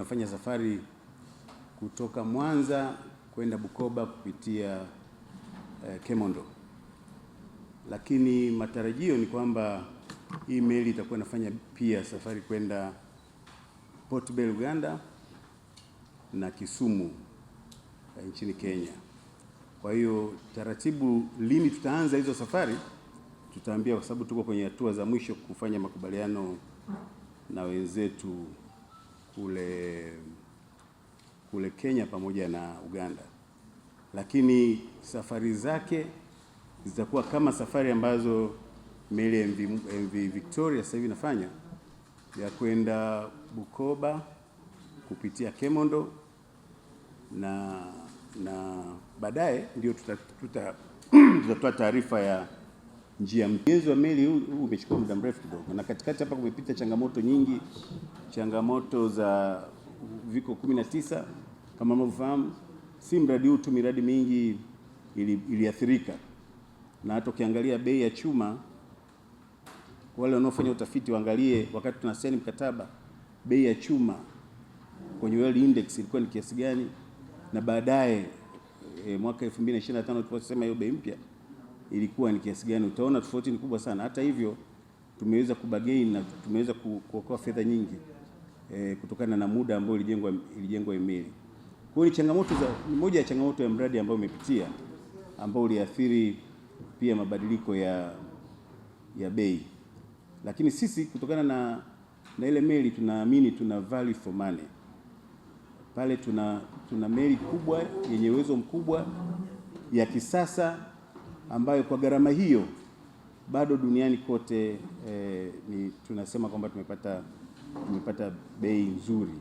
tunafanya safari kutoka Mwanza kwenda Bukoba kupitia eh, Kemondo, lakini matarajio ni kwamba hii meli itakuwa inafanya pia safari kwenda Port Bell Uganda na Kisumu eh, nchini Kenya. Kwa hiyo taratibu, lini tutaanza hizo safari tutaambia, kwa sababu tuko kwenye hatua za mwisho kufanya makubaliano na wenzetu kule, kule Kenya pamoja na Uganda, lakini safari zake zitakuwa kama safari ambazo meli MV, MV Victoria sasa hivi inafanya ya kwenda Bukoba kupitia Kemondo na na baadaye ndio tutatoa tuta, taarifa ya njia. Ujenzi wa meli huu umechukua muda mrefu kidogo, na katikati hapa kumepita changamoto nyingi changamoto za viko 19 kama mnavyofahamu, si mradi huu tu, miradi mingi iliathirika na hata ukiangalia bei ya chuma, wale wanaofanya utafiti waangalie, wakati tunasaini mkataba, bei ya chuma kwenye World Index ilikuwa ni kiasi gani, na baadaye e, mwaka 2025 tuliposema hiyo bei mpya ilikuwa ni kiasi gani. Utaona tofauti ni kubwa sana. Hata hivyo tumeweza kubagain na tumeweza kuokoa fedha nyingi eh, kutokana na muda ambao ilijengwa ilijengwa imili. Kwa hiyo ni changamoto za moja ya changamoto ya mradi ambao umepitia ambao uliathiri pia mabadiliko ya ya bei, lakini sisi kutokana na na ile meli tunaamini tuna value for money pale tuna, tuna meli kubwa yenye uwezo mkubwa ya kisasa ambayo kwa gharama hiyo bado duniani kote eh, ni tunasema kwamba tumepata umepata bei nzuri